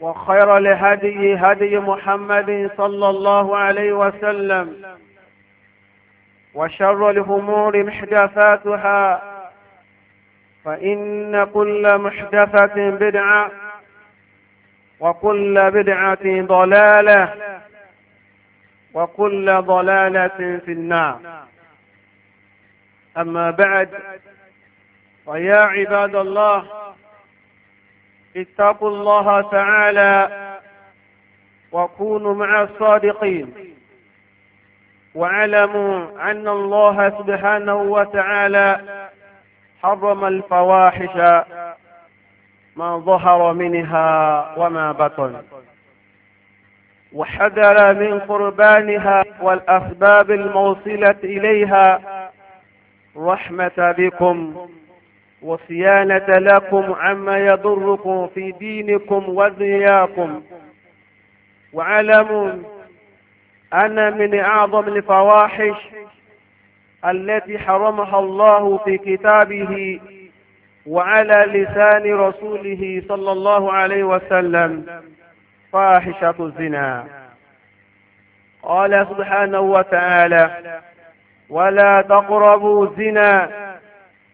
وخير لهدي هدي محمد صلى الله عليه وسلم وشر الأمور محدثاتها فإن كل محدثة بدعة وكل بدعة ضلالة وكل ضلالة في النار أما بعد ويا عباد الله اتقوا الله تعالى وكونوا مع الصادقين واعلموا أن الله سبحانه وتعالى حرم الفواحش ما ظهر منها وما بطن وحذر من قربانها والأسباب الموصلة إليها رحمة بكم وصيانة لكم عما يضركم في دينكم ودنياكم واعلموا أن من أعظم الفواحش التي حرمها الله في كتابه وعلى لسان رسوله صلى الله عليه وسلم فاحشة الزنا قال سبحانه وتعالى ولا تقربوا الزنا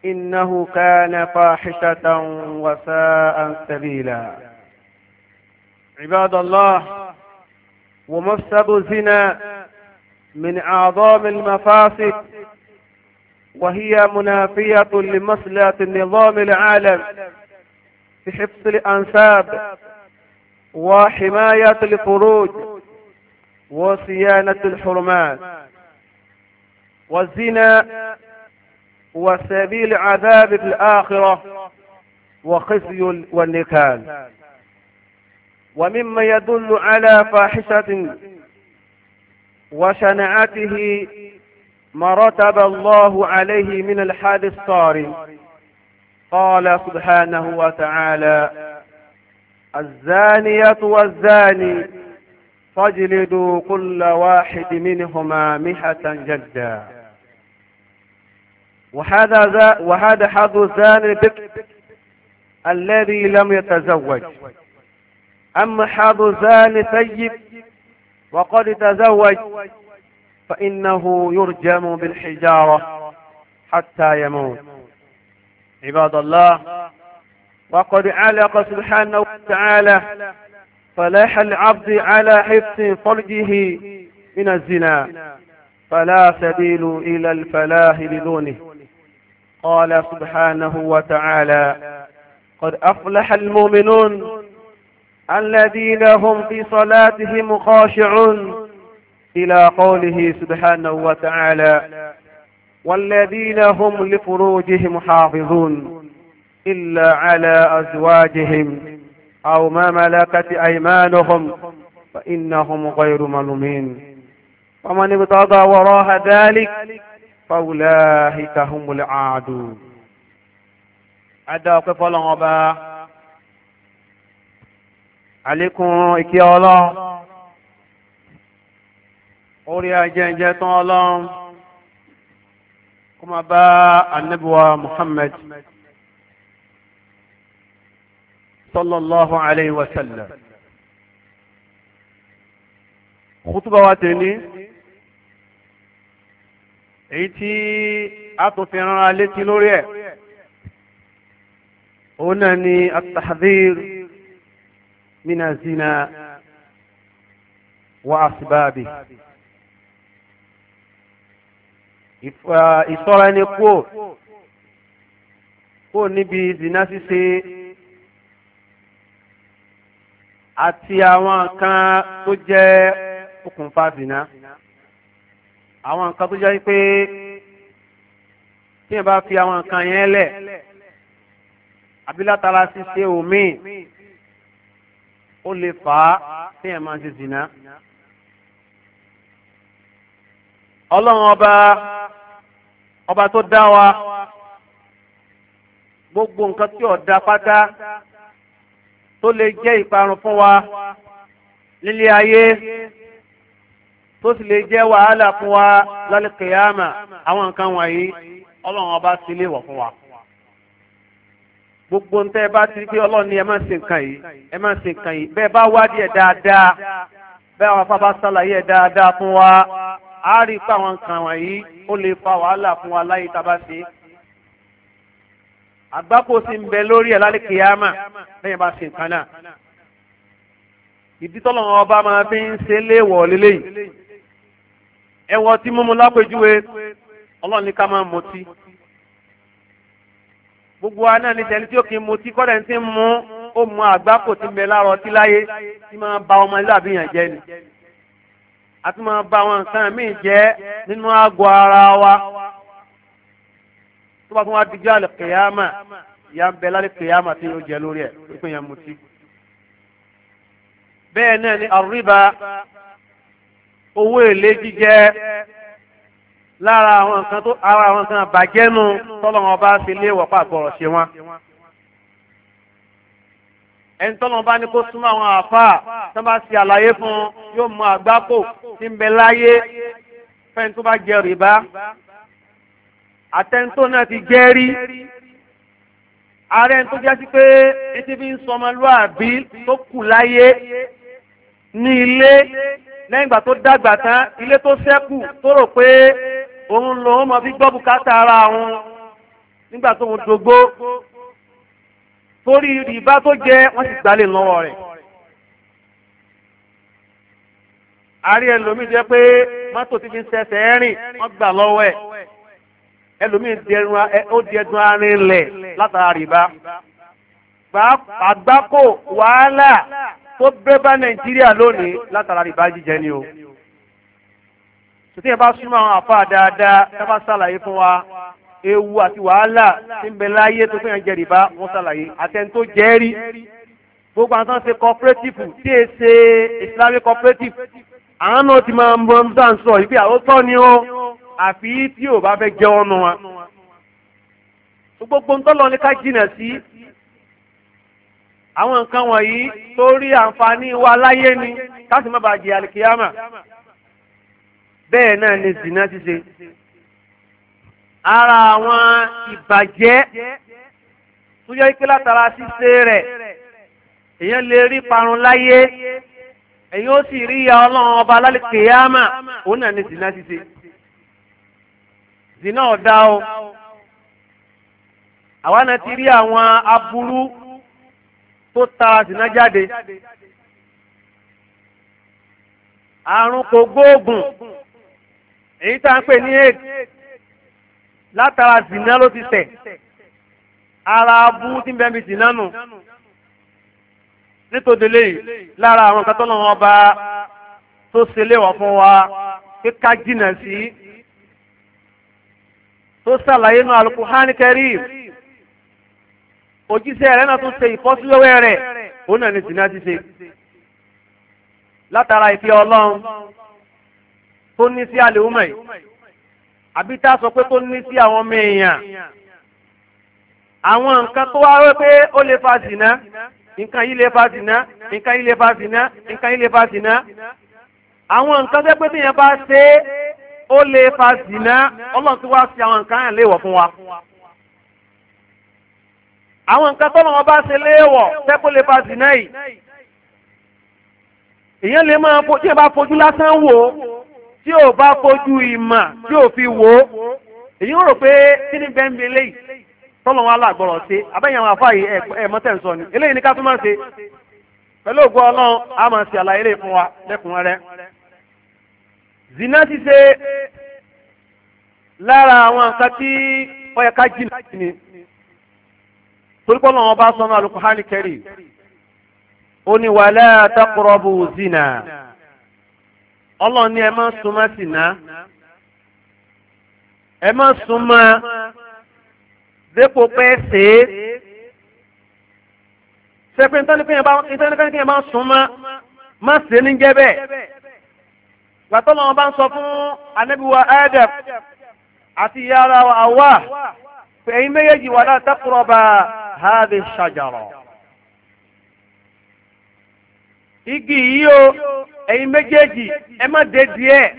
إنه كان فاحشة وساء سبيلا عباد الله ومفسد الزنا من أعظم المفاسد وهي منافية لمصلحة النظام العالم في حفظ الأنساب وحماية الفروج وصيانة الحرمات والزنا وسبيل عذاب في الآخرة وخزي والنكال ومما يدل على فاحشة وشنعته ما رتب الله عليه من الحال الصارم قال سبحانه وتعالى الزانية والزاني فاجلدوا كل واحد منهما مئة جدا وهذا ذا وهذا حظ الزاني بك الذي لم يتزوج أما حظ الزاني طيب وقد تزوج فإنه يرجم بالحجارة حتى يموت عباد الله وقد علق سبحانه وتعالى فلاح العبد على حفظ فرجه من الزنا فلا سبيل إلى الفلاح بدونه قال سبحانه وتعالى قد أفلح المؤمنون الذين هم في صلاتهم خاشعون إلى قوله سبحانه وتعالى والذين هم لفروجهم حافظون إلا على أزواجهم أو ما ملكت أيمانهم فإنهم غير ملومين ومن ابتغى وراء ذلك فأولئك هم العادون adáwọ̀pẹ́ fọ́lọ́n ọba àlékún ìkẹ́ ọlọ́run orí ajẹ́jẹ́ tán ọlọ́run kó máa bá annabuwa Muhammad sallallahu alayhi wa sallam kútùbà wa èyí tí a tún fi rán létí lórí ẹ̀ òun náà ni at-tahdhir mina zina wa asbabi ìṣọ́ra ẹni kúò kúò níbi zina ṣíṣe àti àwọn kan tó jẹ́ okùnfà zina. zina àwọn nǹkan tó jẹ́ pé tí yẹn bá fi àwọn nǹkan yẹn lẹ̀ àbí látara ṣíṣe omi ó lè fà á tí yẹn máa ṣe zìnà. ọlọ́run ọba ọba tó dá wa gbogbo nǹkan tí ó dá pátá tó lè jẹ́ ìparun fún wa nílé ayé. tó sì lè jẹ́ wàhálà fún wa lálẹ́ kìyàmà àwọn nǹkan wọ̀nyí ọlọ́run ọba sì lè wọ̀ fún wa gbogbo ń tẹ́ ẹ bá ti rí pé ọlọ́run ni ẹ máa ń ṣe nǹkan yìí ẹ máa ń ṣe nǹkan yìí bẹ́ẹ̀ bá wádìí ẹ̀ dáadáa bẹ́ẹ̀ àwọn afábá dáadáa fún wa á rí pé àwọn nǹkan wọ̀nyí ó lè fa wàhálà fún wa láyé tá a bá àgbákò sì ń bẹ lórí ẹ̀ lálẹ́ kìyàmà lẹ́yìn bá ṣe nǹkan náà ẹwọ tí mímu lápèjúwe ọlọ́run ní ká máa mutí gbogbo wa náà ní sẹ́ni tí ó kì í mutí kọ́dẹ̀ ń mú ó mú àgbákò tí ń bẹ lára ọtí láyé tí máa ba ọmọ ilé àbíyàn jẹ ni àti máa ba àwọn nǹkan míì jẹ nínú àgọ́ ara wa tó bá tún wá dijọ́ àlè kìyàmà ìyá ń bẹ lálẹ́ kìyàmà tí yóò jẹ lórí ẹ̀ pípín yẹn mutí bẹ́ẹ̀ náà ni àrùbá owó èlé jíjẹ lára àwọn nǹkan tó ara àwọn nǹkan àbàjẹ́nu tọ́lọ́wọ́n bá fi léèwọ̀ pàgbọ́rọ̀ ṣe wọn ẹni tọ́lọ́ bá ní kó súnmọ́ àwọn àáfàá tó bá ṣe àlàyé fún yóò mọ àgbákò tí ń bẹ láyé fẹ́ni tó bá jẹ rìbá àtẹ́ntó náà ti jẹ́ rí ààrẹ tó jásí pé etí fi ń sọmọlúàbí tó kù láyé ní ilé lẹ́yìn ìgbà tó dàgbà tán ilé tó ṣẹ́kù tó rò pé òun lòun mọ̀ fi gbọ́ bùkátà ara òun nígbà tó ń dogbó torí rìbá tó jẹ wọ́n sì gbalè lọ́wọ́ rẹ̀. àárí ẹlòmíì jẹ́ pé mọ́tò ti fi ń ṣẹ̀ṣẹ̀ rìn wọ́n gbà lọ́wọ́ ẹ̀ ẹlòmíì ó di ẹdun arin lẹ̀ látara rìbá. àgbákò wàhálà tó bẹ́ bá nàìjíríà lónìí látara rìbá jíjẹ ni o tòtí ẹ bá súnmọ́ àwọn àfa dáadáa ẹ bá ṣàlàyé fún wa ewu àti wàhálà tí ń bẹ láyé tó fẹ́ràn jẹ rìbá wọ́n ṣàlàyé àtẹni tó jẹ́ rí gbogbo àwọn tó ń ṣe cooperative tí è ṣe islamic cooperative àwọn náà ti máa mọ nígbà ń sọ ìgbé àwọn tọ́ ni ó àfi tí ò bá fẹ́ jẹ́ ọ́nu wa gbogbo ń tọ́lọ́ ní ká jìnà sí àwọn nǹkan wọ̀nyí tó rí àǹfààní wa láyé ni káàsì má bàa jẹ àlìkíyàmà bẹ́ẹ̀ náà ni zina ṣíṣe ara àwọn ìbàjẹ́ tó yẹ kí látara ṣíṣe rẹ̀ èèyàn lè rí parun láyé èèyàn ó sì rí ìyà ọlọ́run ọba lálìkíyàmà òun náà ni zina ṣíṣe zina ọ̀dá o àwa náà ti rí àwọn aburú tó tara sínà jáde àrùn kò gbóògùn èyí tá à ń pè ní aid látara sínà ló ti tẹ̀ ara abú tí ń bẹ́ẹ̀ bí sínà nù nítorí léyìí lára àwọn nǹkan tó lọ́wọ́ ọba tó ṣe léwọ̀ fún wa pé jìnnà sí tó ṣàlàyé nù Al-Qur'an òjíṣẹ́ rẹ̀ náà tún ṣe ìfọ́síwẹ́wẹ́ rẹ̀ òun náà ni zina ti ṣe látara ìfẹ́ ọlọ́run tó ní sí àlè ọmọ yìí àbí tá a sọ pé tó ní sí àwọn ọmọ èèyàn àwọn nǹkan tó wá wẹ́ pé ó lè fa zina nǹkan yìí lè fa zina nǹkan yìí lè fa zina nǹkan yìí lè fa zina àwọn nǹkan tẹ́ pé tíyẹn bá ṣe ó lè fa zina ọlọ́run tó wá sí àwọn nǹkan yẹn léèwọ̀ fún wa àwọn nǹkan tọ́nà wọn bá ṣe léèwọ̀ tẹ́kó lè bá sì náà yìí èyàn lè máa tí ẹ bá fojú lásán wò tí ò bá fojú ìmọ̀ tí ò fi wò èyí ń rò pé kí ni bẹ́ńbẹ́ léyìí tọ́nà wọn aláàgbọ̀rọ̀ ṣe abẹ́yìn àwọn àfáà yìí ẹ̀ mọ́tẹ̀ ń sọ ni eléyìí ni ká tún máa ṣe pẹ̀lú ògùn ọlọ́run a máa ṣe àlàyé lè fún wa lẹ́kùnrin zina ti ṣe lára àwọn nǹkan tí ó ká jìnnà torípọ̀ náà wọn bá sọnù Al-Qur'ani kẹrì ó ní wala taqrabu zina ọlọ́ọ̀ni ẹ má súnmọ́ sínà ẹ má súnmọ́ dépò pé ṣe é sẹ́pẹ́ ìtọ́nikẹ́ni bá ń súnmọ́ má ṣe ní jẹ́ bẹ́ẹ̀ gbàtọ́ lọ́wọ́ bá ń sọ fún anábìwá Adam àti ìyá àwa pé méjèèjì wala taqraba. هذه الشجرة igi yìí o ẹ̀yin méjèèjì ẹ má dédìí ẹ̀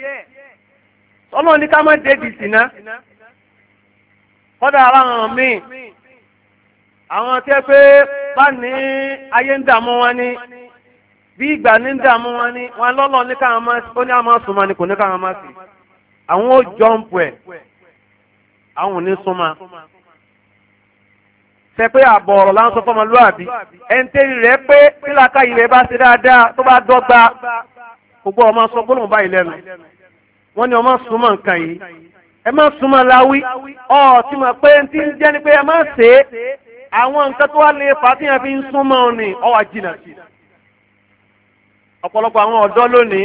ọlọ́run ní ká má àwọn pé bá ní ayé ń dààmú wọn ni bí ìgbà ní ń dààmú wọn ni wọn lọ́lọ́ ní káwọn máa ó ní àwọn máa ni kò ní káwọn máa sì àwọn ó ṣe pé àbọ̀ ọ̀rọ̀ láwọn sọ fọmọlúàbí ẹni tẹ́lẹ̀ rẹ̀ pé nílàkà ilẹ̀ bá ṣe dáadáa tó bá dọ́gba gbogbo ọmọ sọ gbólóhùn báyìí lẹ́nu wọ́n ní ọmọ súnmọ́ nǹkan yìí ẹ má súnmọ́ láwí ọ ti mọ̀ pé ti ń jẹ́ ni pé ẹ má ṣe é àwọn nǹkan tó wá lè fà á tí yẹn fi ń súnmọ́ ọ ni ọ wà jìnnà ọ̀pọ̀lọpọ̀ àwọn ọ̀dọ́ lónìí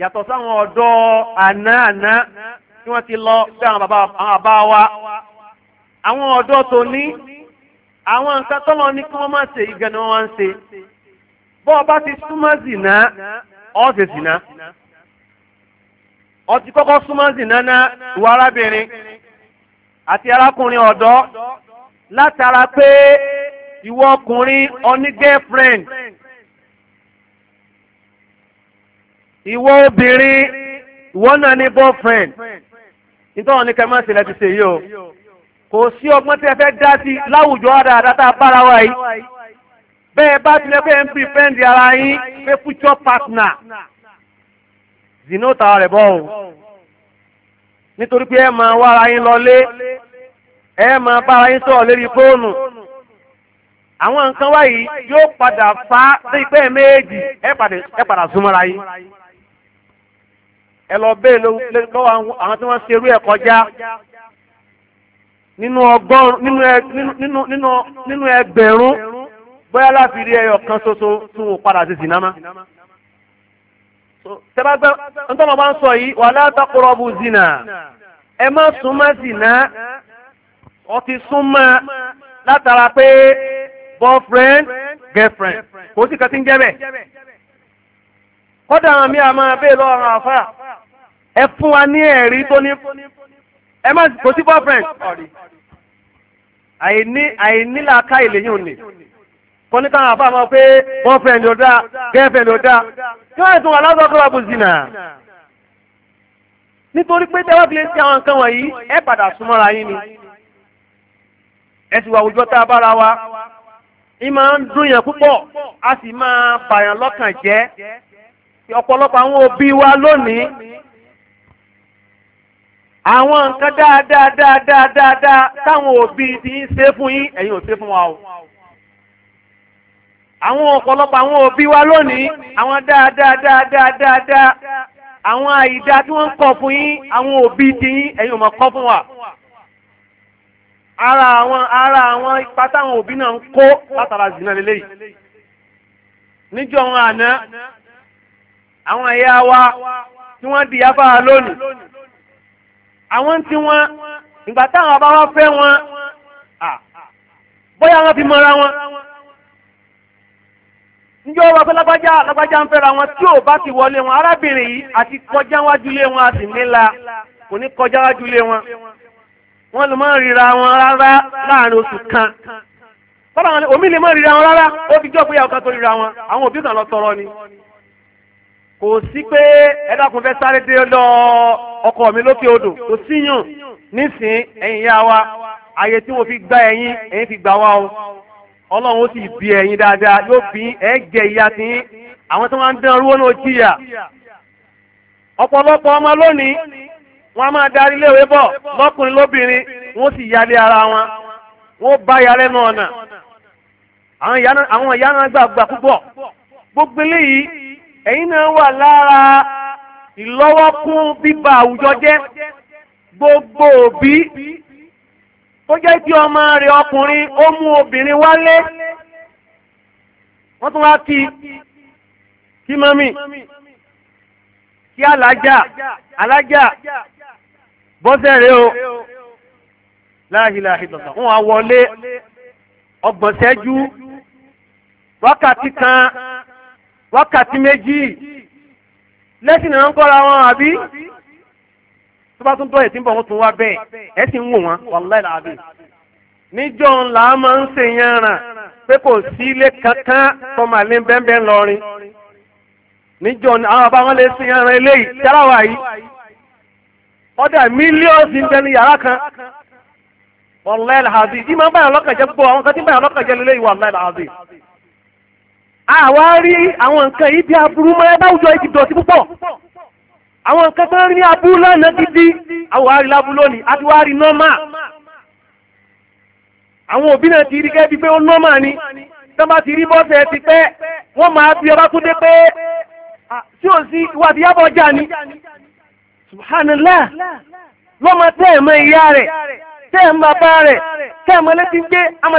yàtọ̀ sáwọn ọ̀dọ́ àná àná tí wọ́n ti lọ bí àwọn bàbá wa àwọn ọ̀dọ́ tó ní àwọn nǹkan tọ́lọ ní kí wọ́n má ṣe wọn ti súnmọ́ zìnà ọ́ ṣe zìnà ọ ti kọ́kọ́ súnmọ́ zìnà ìwà arábìnrin àti arákùnrin ọ̀dọ́ látara pé ìwọ ọkùnrin girlfriend ìwọ obìnrin ìwọ náà ní boyfriend nítorí wọn kò sí ọgbọ́n tí ẹ fẹ́ dá sí láwùjọ àdáadáa tá a bára wa yìí bẹ́ẹ̀ bá tilẹ̀ pé ń pìpẹ́ǹdì ara yín pé future partner zinota rẹ̀ bọ́ òun nítorí pé ẹ máa wá ara yín lọlé ẹ máa bá ara yín sọ̀rọ̀ lérí fóònù àwọn nǹkan wáyìí yóò padà fà á pé méjì ẹ padà súnmọ́ra yín ẹ lọ bẹ́ẹ̀ lọ́wọ́ àwọn tí wọ́n ṣerú ẹ̀ kọjá nínú ọgọ́rùn nínú ẹgbẹ̀rún bóyá láti rí ẹyọ kan ṣoṣo tún wò padà sí sinamá. tẹ́bàgbẹ́ ntọ́mọ̀ bá ń sọ yìí wala taqrabu zina ẹ má súnmọ́ zina ọ ti súnmọ́ látara pé boyfriend girlfriend kò sí kan tí ń jẹ́ bẹ́ẹ̀. kọ́dà àwọn mi àmọ́ abẹ́ lọ́rùn àfà ẹ fún wa ní ẹ̀rí tó ní ẹ má kò sí boyfriend. àìní àìnílàáká ìlẹ́yìn òní kọ́ni káwọn àbá máa pé boyfriend ò dáa girlfriend ò dáa kí wọ́n ètò aláwọ̀ kọ́lá bó zina nítorí pé tẹ́wọ́ fi lè ṣe àwọn nǹkan wọ̀nyí ẹ padà súnmọ́ra yín ni ẹ sì wà àwùjọ tá a bára wa máa ń yàn púpọ̀ a sì máa bàyàn lọ́kàn jẹ́ ọ̀pọ̀lọpọ̀ àwọn òbí wa lónìí àwọn nǹkan dáadáa dáadáa dáadáa táwọn òbí ti ń ṣe fún yín ẹ̀yin ò ṣe fún wa o. àwọn ọ̀pọ̀lọpọ̀ àwọn òbí wa lónìí àwọn dáadáa dáadáa dáadáa àwọn àìdá tí wọ́n ń kọ́ fún yín àwọn òbí ti yín ẹ̀yin ò mọ̀ kọ́ fún wa. ara àwọn ara àwọn ipa táwọn òbí náà ń kó látara zina lélẹ́yìí. níjọ́ àwọn àná àwọn ẹ̀yà wa tí wọ́n di afárá lónìí. àwọn tí wọn ìgbà táwọn bá wá wọn fi mọra wọn ń wọn tí ò bá ti wọlé wọn arábìnrin yìí àti kọjá wájú lé wọn àti nílá kò ní kọjá wájú lé wọn wọn lè má ríra wọn rárá láàrin oṣù kan bọ́lá wọn omi lè má ríra wọn rárá ó fi tó ríra wọn àwọn òbí kan lọ tọrọ ni kò ọkọ mi lókè odò tó síyàn nísìn ẹ̀yin yá wa ààyè tí mo fi gbá ẹ̀yin ẹ̀yin fi gbà wa o ọlọ́run ó sì bí dáadáa yóò bí ẹ̀ jẹ ìyá sí àwọn tí wọ́n ń dán owó jìyà ọ̀pọ̀lọpọ̀ ọmọ lónìí wọ́n á máa darí léwé bọ̀ lọ́kùnrin lóbìnrin ara wọn wọ́n bá yálé náà àwọn ìyá náà gbàgbà púpọ̀ gbogbo eléyìí ẹ̀yin náà ìlọ́wọ́kún bíba àwùjọ jẹ́ gbogbo òbí tó jẹ́ kí ọmọ rẹ̀ ọkùnrin ó mú obìnrin wálé wọ́n tún wá kí kí mọ́mì kí alájà alájà bọ́sẹ̀ rẹ̀ o láàhìláàhì tọ̀tọ̀ wọ́n wá wọlé ọgbọ̀nsẹ́jú wákàtí kan wákàtí méjì. lẹ́sìn náà kọ́ra wọn àbí tó bá tún tọ́ ẹ̀sìn bọ̀ wọ́n tún wá bẹ́ẹ̀ ẹ̀sìn ń wò wọ́n wàláì làbí. níjọ́ ńlá máa ń pé kò sí ilé kankan tó máa lé bẹ́ẹ̀ lọrin níjọ́ ni àwọn abáwọn lè ṣe yẹn ràn eléyìí yàrá wa yìí ọ̀dà mílíọ̀nù ń kan ìmọ̀ báyọ̀ lọ́kàn jẹ́ àwa rí àwọn nǹkan yìí bí aburú mọ́ ẹ báwùjọ yìí ti dọ̀tí púpọ̀ àwọn nǹkan tó ń rí ní aburú lánàá gidi àwa rí lábú lónìí àti wá rí nọ́mà àwọn òbí náà ti rí gẹ́gẹ́ bí pé ó nọ́mà ni tó bá ti rí bọ́sẹ̀ ti pẹ́ wọ́n máa bí ọba tó dé pé tí ò sí ìwà àti yábọ̀ ọjà ni subhanallah lọ́mọ tẹ́ ẹ̀ mọ ìyá rẹ̀ tẹ́ ẹ̀ mọ bàbá rẹ̀ tẹ́ ẹ̀ mọ létí gbé àmọ́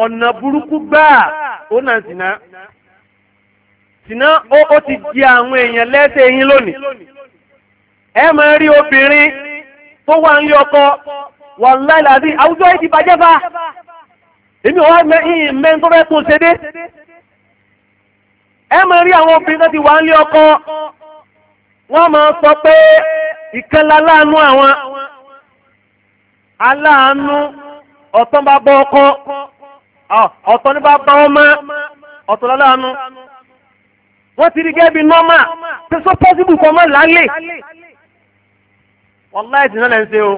ọ̀nà burúkú gbáà ó nà sìnà sìnà ó ti di àwọn èèyàn lẹ́sẹ̀ yín lónìí ẹ máa rí obìnrin tó wà ń yọkọ wàláì láti àwùjọ yìí ti bàjẹ́ bá èmi ò wá mẹ́yìn mẹ́rin tó tó ẹ máa rí àwọn obìnrin tó ti wà ń ọkọ máa sọ pé àwọn aláàánú ọkọ Ah, ọ̀tọ̀ ní bá bá wọn mọ́ ọ̀tọ̀ lọ́láàánú wọ́n ti rí gẹ́bí nọ́mà tí sọ pọ́sibù kọ́ mọ́ lálẹ́ wàláhì ìdìnnà lẹ́ ń ṣe o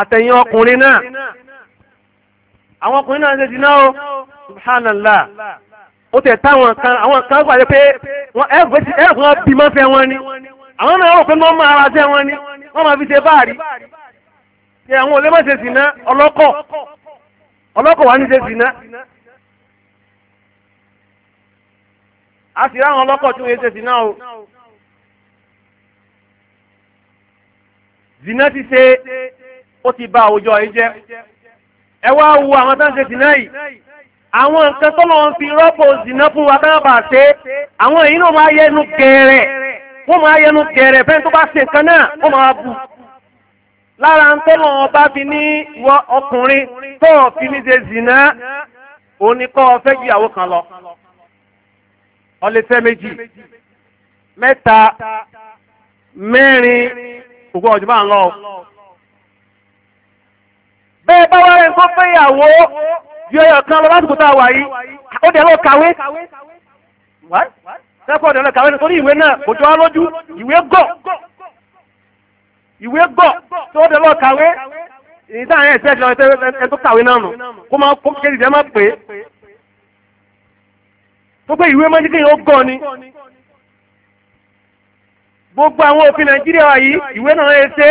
àtẹ̀yìn ọkùnrin náà àwọn ọkùnrin náà ń ṣe dìnnà o subhanallah ó tẹ̀ táwọn kan àwọn kan gbàdé pé ẹ̀fọn bí máa fẹ́ wọn ni àwọn náà rò pé nọ́mà ara jẹ́ wọn ni wọ́n máa fi ṣe báàrí ṣe àwọn olè má ọlọ́kọ̀. ọlọ́kọ̀ wá ní ṣe zina a sì ráwọn ọlọ́kọ̀ tí wọ́n ṣe zina o zina ti ṣe ó ti ba àwùjọ yìí jẹ́ ẹ wá wo àwọn tó ń ṣe zina yìí àwọn nǹkan tó lọ́wọ́ fi rọ́pò zina fún wa táwọn bá ṣe àwọn èyí náà máa yẹnu gẹ̀ẹ́rẹ̀ wọ́n máa yẹnu gẹ̀ẹ́rẹ̀ fẹ́ni tó bá ṣe nǹkan náà wọ́n máa bù. lára ń tọ́lọ̀ ọba fi ní wọ ọkùnrin tó fi ní ṣe zìnà oníkọ́ ọfẹ́ ìyàwó kan lọ ọlẹ́fẹ́ méjì mẹ́ta mẹ́rin ògbó ọ̀jọ́ bá ń lọ. bẹ́ẹ̀ bá wá rẹ̀ nǹkan fẹ́ ìyàwó ju ẹyọ kan lọ lásìkò tá a wà yìí ó dẹ̀ lọ kàwé sẹ́kọ̀ọ́ dẹ̀ lọ kàwé nítorí ìwé náà kò jọ wá lójú ìwé gọ̀ ìwé gbọ́ tó dẹ̀ lọ kàwé èyí táwọn ẹ̀sẹ̀ ẹ̀sẹ̀ ẹ̀sẹ̀ tó kàwé náà nù kó máa kó kéde jẹ́ máa pè é tó pé ìwé máa ń dínkì yóò gọ́ ni gbogbo àwọn òfin Nàìjíríà wa yìí ìwé náà ẹ ṣe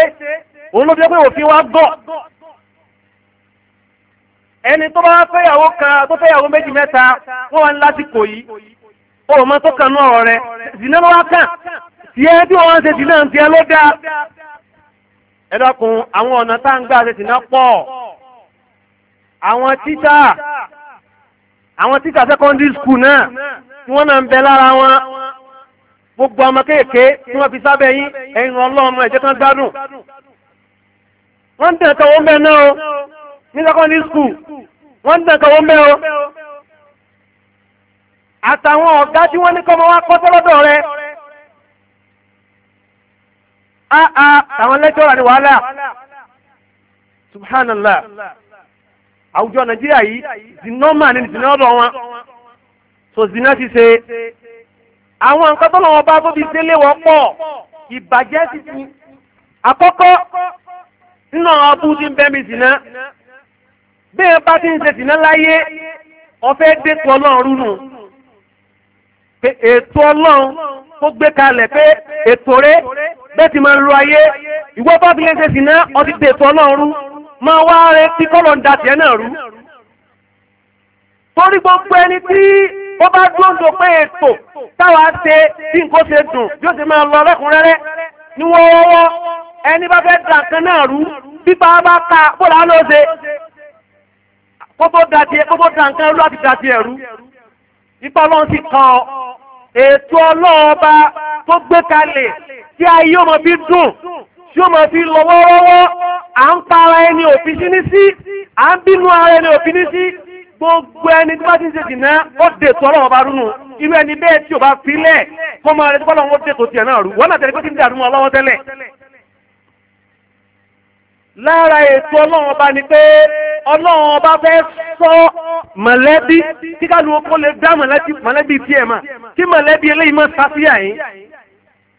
òun ló fi pé òfin wa gọ̀ ẹni tó bá fẹ́yàwó kan tó fẹ́yàwó méjì mẹ́ta wọ́n wá ní lásìkò yìí ó mọ tó kànú ọ̀rọ̀ rẹ̀ zìnà ló wá kàn tiẹ́ bí wọ́n ṣe zìnà tiẹ́ ló dáa ẹ dákun àwọn ọ̀nà tá à ń gbà ṣe sì náà pọ̀ àwọn títà àwọn títà secondary school náà tí wọ́n náà ń bẹ lára wọn gbogbo ọmọ kéèké tí wọ́n fi sábẹ́ yín ẹ̀yìn ọlọ́run ẹ̀jẹ̀ kan gbádùn wọ́n ń dẹ̀ kọ́wọ́ mẹ́ náà o ní secondary school wọ́n ń dẹ̀ kọ́wọ́ mẹ́ o àtàwọn ọ̀gá tí wọ́n ní kọ́mọ wá kọ́ sọ́lọ́dọ̀ rẹ̀ áá ah, ah, àwọn lẹ́jọ́ra ni wàhálà subhanallah àwùjọ nàìjíríà yìí zinoma ni zina ọ̀dọ̀ wọn so zina ti ṣe àwọn nǹkan tó lọ́wọ́ bá tóbi délé wọ́n pọ̀ ìbàjẹ́ ti ti àkọ́kọ́ nínú àwọn ọbú tí ń bẹ́mi zina bí ẹ bá ti ń ṣe zina láyé ọfẹ́ dẹ́kun ọlọ́run rúnu ètò ọlọ́run tó gbé kalẹ̀ pé ètò rẹ̀ bẹ́ẹ̀ ti máa ń lo ayé ìwọ bá fi lẹ́sẹ̀ sí ná ọtí tètò ọlọ́run rú máa wá rẹ tí kọ́lọ̀ ń da tiẹ̀ náà rú. torí gbogbo ẹni tí ó bá dúró ń do pé ètò táwa ṣe bí nǹkan ṣe dùn bí ó ṣe máa lọ lẹ́kùnrẹ́rẹ́ ní wọ́n wọ́wọ́ ẹni bá fẹ́ dà kan náà rú pípa bá ka bóra ló ṣe kó tó da nǹkan rú láti da tiẹ̀ rú ipa ọlọ́run sì kan ọ ètò ọlọ́ọba tó gbé kalẹ̀ tí ayé ọmọ bí dùn tí ó máa fi lọ wọ́wọ́wọ́ à ń pa ara ẹni òfin sí ní sí à ń bínú ara ẹni òfin ní sí gbogbo ẹni tí bá ti ń ṣe jìnnà ó dètò ọlọ́ọba rúnu inú ẹni bẹ́ẹ̀ tí ò bá filẹ̀ kọ́ máa rẹ tí bọ́lá wọn dètò tiẹ̀ náà rú wọ́n náà tẹ̀lé pé kí n dàrú mọ́ ọlọ́wọ́ tẹ́lẹ̀ lára ètò ọlọ́run ni pé ọlọ́run ọba fẹ́ sọ mọ̀lẹ́bí kí ká lóò kó lè dá mọ̀lẹ́bí tí ẹ̀ mà kí mọ̀lẹ́bí eléyìí mọ̀ sáfíà yín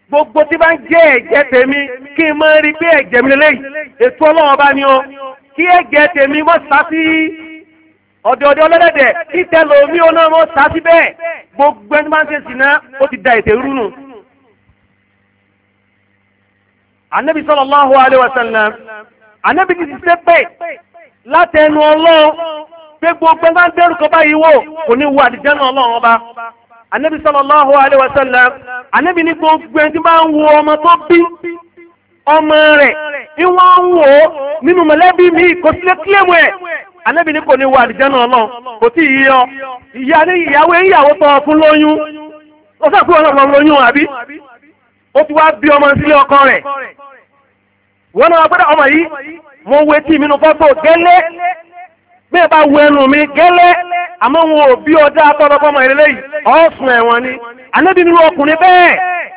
gbogbo tí bá ń jẹ́ ẹ̀jẹ̀ tèmi kí n máa rí pé ẹ̀jẹ̀ mi lélẹ́yìí ètò ọlọ́wọ́n bá ní o kí ẹ̀jẹ̀ tèmi mọ̀ sáfí ọ̀dọ̀ọ̀dọ̀ ọlọ́dẹ̀dẹ̀ kí tẹ́lọ̀ omi ọ̀nà mọ̀ sáfí bẹ́ẹ̀ gbogbo ẹni máa ń ṣe sìnà ó ti da ètè rú nù. anabi sallallahu alaihi wasallam anabi ti ti sẹ́pẹ̀ látẹnu ọlọ́run pé gbogbo ẹgbẹ́ ń bẹ̀rù kọ́ báyìí wò kò ní wo àdìjẹ́ náà ọba anabi sallallahu alayhi wa ní gbogbo ẹni wo ọmọ tó bí ọmọ rẹ̀ iwa wá ń wò ó nínú mọ̀lẹ́bí mi kò sí lé kílẹ̀mù ẹ̀ anabi ní kò ní wo àdìjẹ́ náà ọlọ́run kò tí ì yọ ìyá ní ìyàwó ọmọ sílé ọkọ rẹ̀ náà gbọ́dọ̀ ọmọ yìí bí ẹ bá wo ẹnu mi gẹ́lẹ́ àmọ́ wọn ò bí ọjà àtọ́lọ́pọ́mọ ìrẹ́lẹ́ yìí ọ̀sùn ẹ̀wọ̀n ni ànábì nínú ọkùnrin bẹ́ẹ̀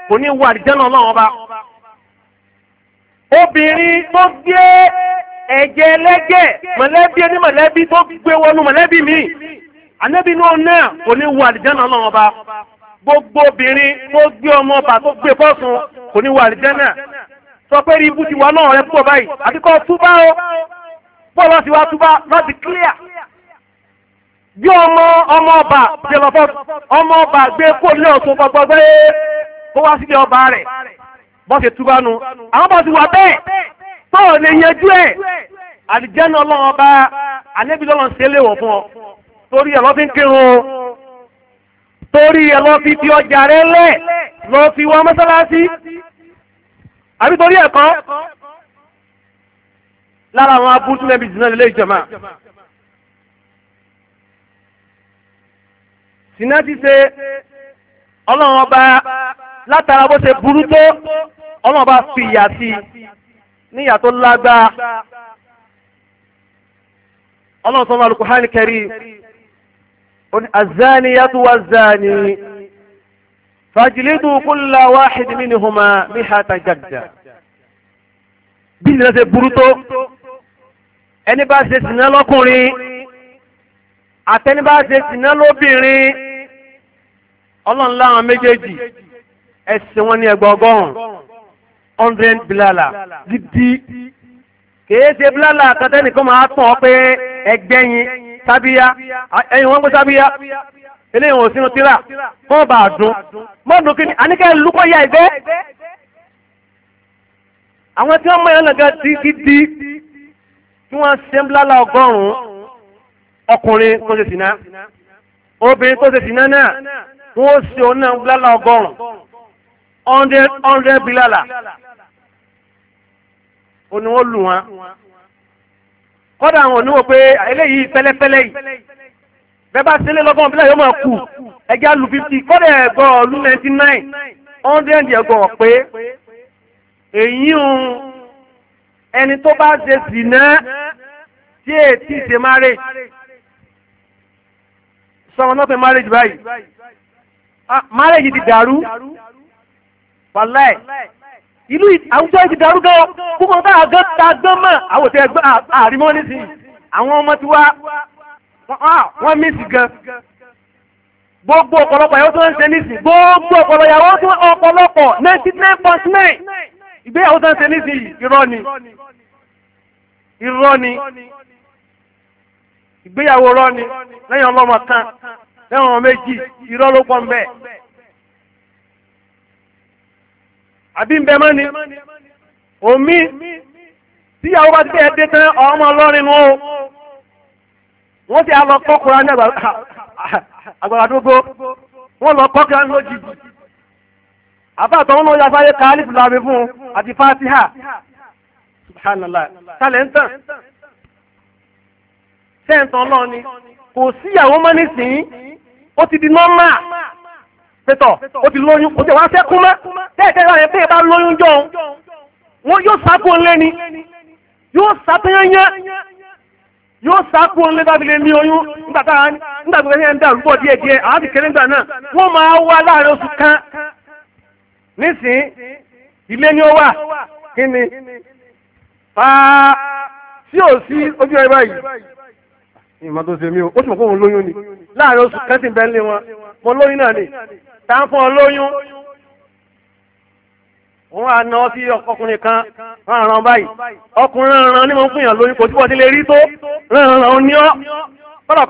kò ní wà àdìjẹ́nà ọlọ́run ọba. obìnrin tó gbé ẹ̀jẹ̀ ẹlẹ́gẹ̀ mọ̀lẹ́bí ẹni mọ̀lẹ́bí tó gbé wọnú mọ̀lẹ́bí mi ànábì nínú ọ̀nà kò ní wà àdìjẹ́nà ọlọ́run ọba gbogbo obìnrin tó gbé ọmọ ọba tó gbé bọ́sùn kò ní wà àdìjẹ́nà sọ pé ibú ti náà rẹ púpọ̀ báyìí àbíkọ́ túbá o bọ́ọ̀lọ́ ti wá túbá láti clear bí ọmọ ọmọ ọba jẹlọfọ ọmọ ọba gbé kó lé ọ̀tún gbọgbọgbọ yé kó wá sílé ọba rẹ̀ bọ́ọ̀sẹ̀ túbá nu àwọn bọ́ọ̀sẹ̀ wà bẹ́ẹ̀ tọ́ọ̀ lè yẹjú ẹ̀ àdìjẹ́nu ọlọ́run ọba àlébí lọ́run ṣe léwọ̀ fún ọ torí ẹ̀ lọ́ fi ń kírun torí ẹ̀ lọ́ fi fi ọjà rẹ̀ lẹ̀ lọ́ fi wá mọ́sálásí àbí torí ẹ̀kọ́ lára àwọn abúrú tún lẹ́bi jìnnà lélẹ́ ìjọba. sinna ti ṣe ọlọ́run ọba látara bó ṣe burú tó ọlọ́run ọba fi ìyà sí níyà tó lágbára ọlọ́run sọ́nà al-Qur'an al-Karim az-zaniyatu waz-zani fajlidu kulla wahid minhuma mi'ata jadda bí ìdílé ṣe burú tó. ẹni bá ṣe sìná lọ́kùnrin àtẹni bá ṣe sìná lóbìnrin méjèèjì ẹ̀sìn wọn hundred bilala gidi kìí ṣe bilala àtàtẹ́nìkan máa tàn ọ́ pé ẹgbẹ́yin sábíyá ẹ̀yìn wọn gbé sábíyà eléyìn ò sínú tíra kọ́ bá dùn mọ́dún kí àníkẹ́ àwọn tí wọ́n mọ̀ lọ́gà tí wọ́n ṣe ń blála ọgọ́rùn-ún ọkùnrin tó ṣe sìná obìnrin tó ṣe sìná náà wọ́n ṣe òun náà ń blála ọgọ́rùn-ún hundred hundred bilala ó ní wọ́n lù wọn kọ́dà àwọn oníwò pé eléyìí pẹ́lẹ́pẹ́lẹ́ yìí bẹ́ẹ̀ bá sílé lọ́gọ́rùn-ún bílẹ̀ yóò máa kù ẹja lu fifty kọ́dà ẹ̀gbọ́n ọ̀lú ninety nine hundred ẹ̀gbọ́n pé èyí ń. ẹni tó bá ṣe zìnà tí ètí ṣe marriage sọmọ náà fẹ́ marriage báyìí ah, marriage ti dàrú wàláì ìlú àwùjọ ti dàrú gan púpọ̀ bá àgọ́ ta gbọ́n mọ́ àwòtẹ́ ẹgbẹ́ àrímọ́ nísìnyí àwọn ọmọ ti wá wọ́n mísì gan gbogbo ọ̀pọ̀lọpọ̀ ìyàwó ń ṣe nísìnyí gbogbo ọ̀pọ̀lọpọ̀ ìyàwó ninety ìgbéyàwó tó ṣe nísìnyí ni irọ́ ni ìgbéyàwó rọ́ ni lẹ́yìn ọlọ́mọ kan lẹ́yìn ọmọ méjì ló pọ̀ omi tíyàwó bá ti bẹ́ẹ̀ dé tán ọmọ ọlọ́rin nù ó wọ́n ti á kọ́kùnrin ní wọ́n lọ kọ́kùnrin àbáàtọ̀ wọn náà yafáyé kálífù láàbí fún un àti fatiha subhanallah talentan sẹ́ǹtàn náà ni kò síyàwó mọ́ nísìnyí ó ti di nọ́mà pétọ̀ ó ti lóyún ó ti wá sẹ́kú mọ́ tẹ́ẹ̀tẹ́ rà yẹn pé bá lóyún jọ wọn yóò sápò ńlé ni yóò sápò yányán yóò sápò ńlé bá fi lè ní oyún nígbà táwọn nígbà tó fẹ́ ń dàrú bọ̀ díẹ̀díẹ̀ àwọn ti kéré ń gbà náà wọ́n máa wá láàrin oṣù kan nísìn ilé ni ó wà kí ni fàá tí ò sí ojú ẹ báyìí ìmọ̀ tó ṣe mí o ó sì mọ̀ fóun lóyún ni láàrin oṣù kẹ́sìn bẹ́ẹ̀ lé wọn mo lóyún náà ni tá ń fún ọ lóyún òun àna ọtí ọkùnrin kan ránran báyìí ọkùnrin ránran ní mo ń fìyàn lóyún kò túbọ̀ sílé rí tó ránran ní ọ́ kọ́lọ̀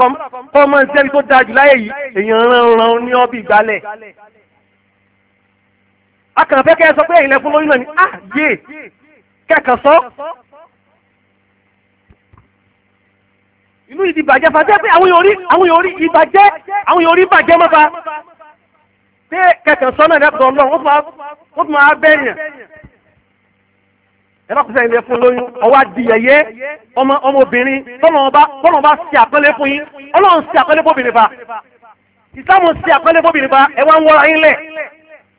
kọ́ mọ́ ní sẹ́ni tó dáa láyé yìí èèyàn ránran ní ọ́ bí ìgbálẹ̀ akàn fẹ́ kẹ́ ẹ sọ pé ẹ̀yin lẹ fún lóyún náà ni ah yé kẹ́kàn sọ. inú ìdí ìbàjẹ́ fa jẹ́ pé àwọn yòórí àwọn yòórí ìbàjẹ́ àwọn yòórí ìbàjẹ́ mọ́ba pé kẹ̀kẹ́ sọ náà dẹ́kun ọlọ́run ó tún máa bẹ́ẹ̀ yàn. ẹ bá kúṣẹ́ ilé fún lóyún ọwọ́ adìyẹyẹ ọmọ ọmọbìnrin tọ́nà ọba ṣe àpẹẹlẹ fún yín ọlọ́run ṣe àpẹẹlẹ fóbìnrin fa ìsáàmù ṣe àpẹẹlẹ fóbìnrin fa ẹ wá ń wọ́ra yín lẹ̀.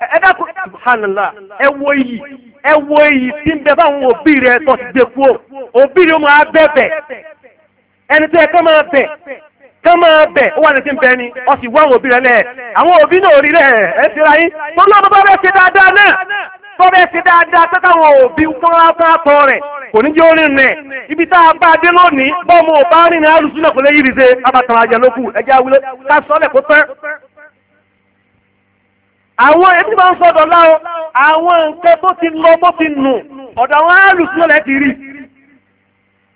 ẹ dákun subhanallah ẹ wo iyì ẹ wo iyì tí ń bẹ báwọn òbí rẹ tó ti gbé kú o òbí rẹ máa bẹ̀bẹ̀ ẹni tó yẹ kó máa bẹ̀ kó máa bẹ̀ ó wà ní ti ń bẹ ni ó sì wá àwọn òbí rẹ lẹ̀ àwọn òbí náà rí rẹ̀ ẹ ti ra yín tó lọ́ọ́ bá bẹ́ẹ̀ ṣe dáadáa náà tó bẹ́ẹ̀ ṣe dáadáa tó táwọn òbí wọn á bá tọ́ rẹ̀ kò ní jẹ́ orin rẹ̀ ibi tá a bá dé lónìí bọ́ọ̀mù ò rìnrìn àlùsùn náà kò lè yí àwọn ẹbí máa ń sọ́dọ̀ láwọn àwọn nǹkan tó ti lọ bó ti nù ọ̀dọ̀ àwọn alùsùn lẹ́ ti rí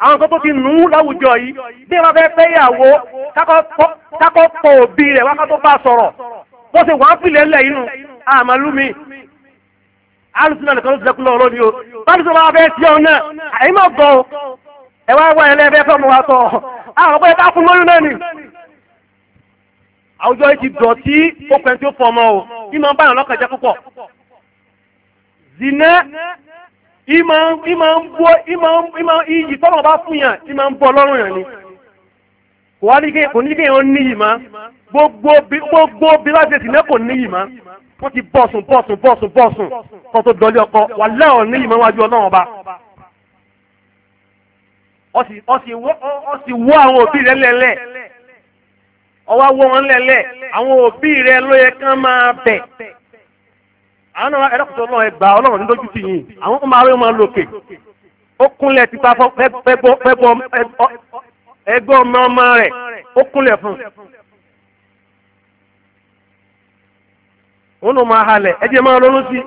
àwọn nǹkan tó ti nù láwùjọ yìí bí wọ́n fẹ́ fẹ́ ìyàwó kákọ́ pọ̀ òbí rẹ̀ tó bá sọ̀rọ̀ bó wà ń inú àmàlúmi ti àwùjọ yìí ti dọ̀tí ó pẹ́ tí ó fọmọ o ìmọ̀ ń bá àwọn ọlọ́kàn jẹ́ púpọ̀ zina ìmọ̀ ìmọ̀ ń bọ́ ìmọ̀ ìmọ̀ iyì tọ́lọ̀ bá fún yàn ìmọ̀ ń bọ́ lọ́rùn yàn ni kò wá nígbè kò nígbè yàn níyì má gbogbo gbogbo bí wá ṣe zina kò níyì má wọ́n ti bọ́sùn bọ́sùn bọ́sùn bọ́sùn kan tó dọ́lé ọkọ wà lẹ́ọ̀ níyì má wájú ọlọ́run ọba ọ sì wọ́ àwọn òbí rẹ̀ lẹ́lẹ́ ọwọ́ wọ́ wọn lẹ́lẹ̀ àwọn òbí rẹ ló yẹ kán máa bẹ̀ àwọn náà ẹ̀rọ̀kùtọ̀ náà ẹgbà ọlọ́run ti yìn àwọn ọmọ arẹ́ máa lòkè ó kúnlẹ̀ tipa fẹ́gbọ́ ẹgbọ́ ọmọ ọmọ rẹ̀ ó kúnlẹ̀ fún un ó máa halẹ ẹjẹ́ máa lọ́nú sí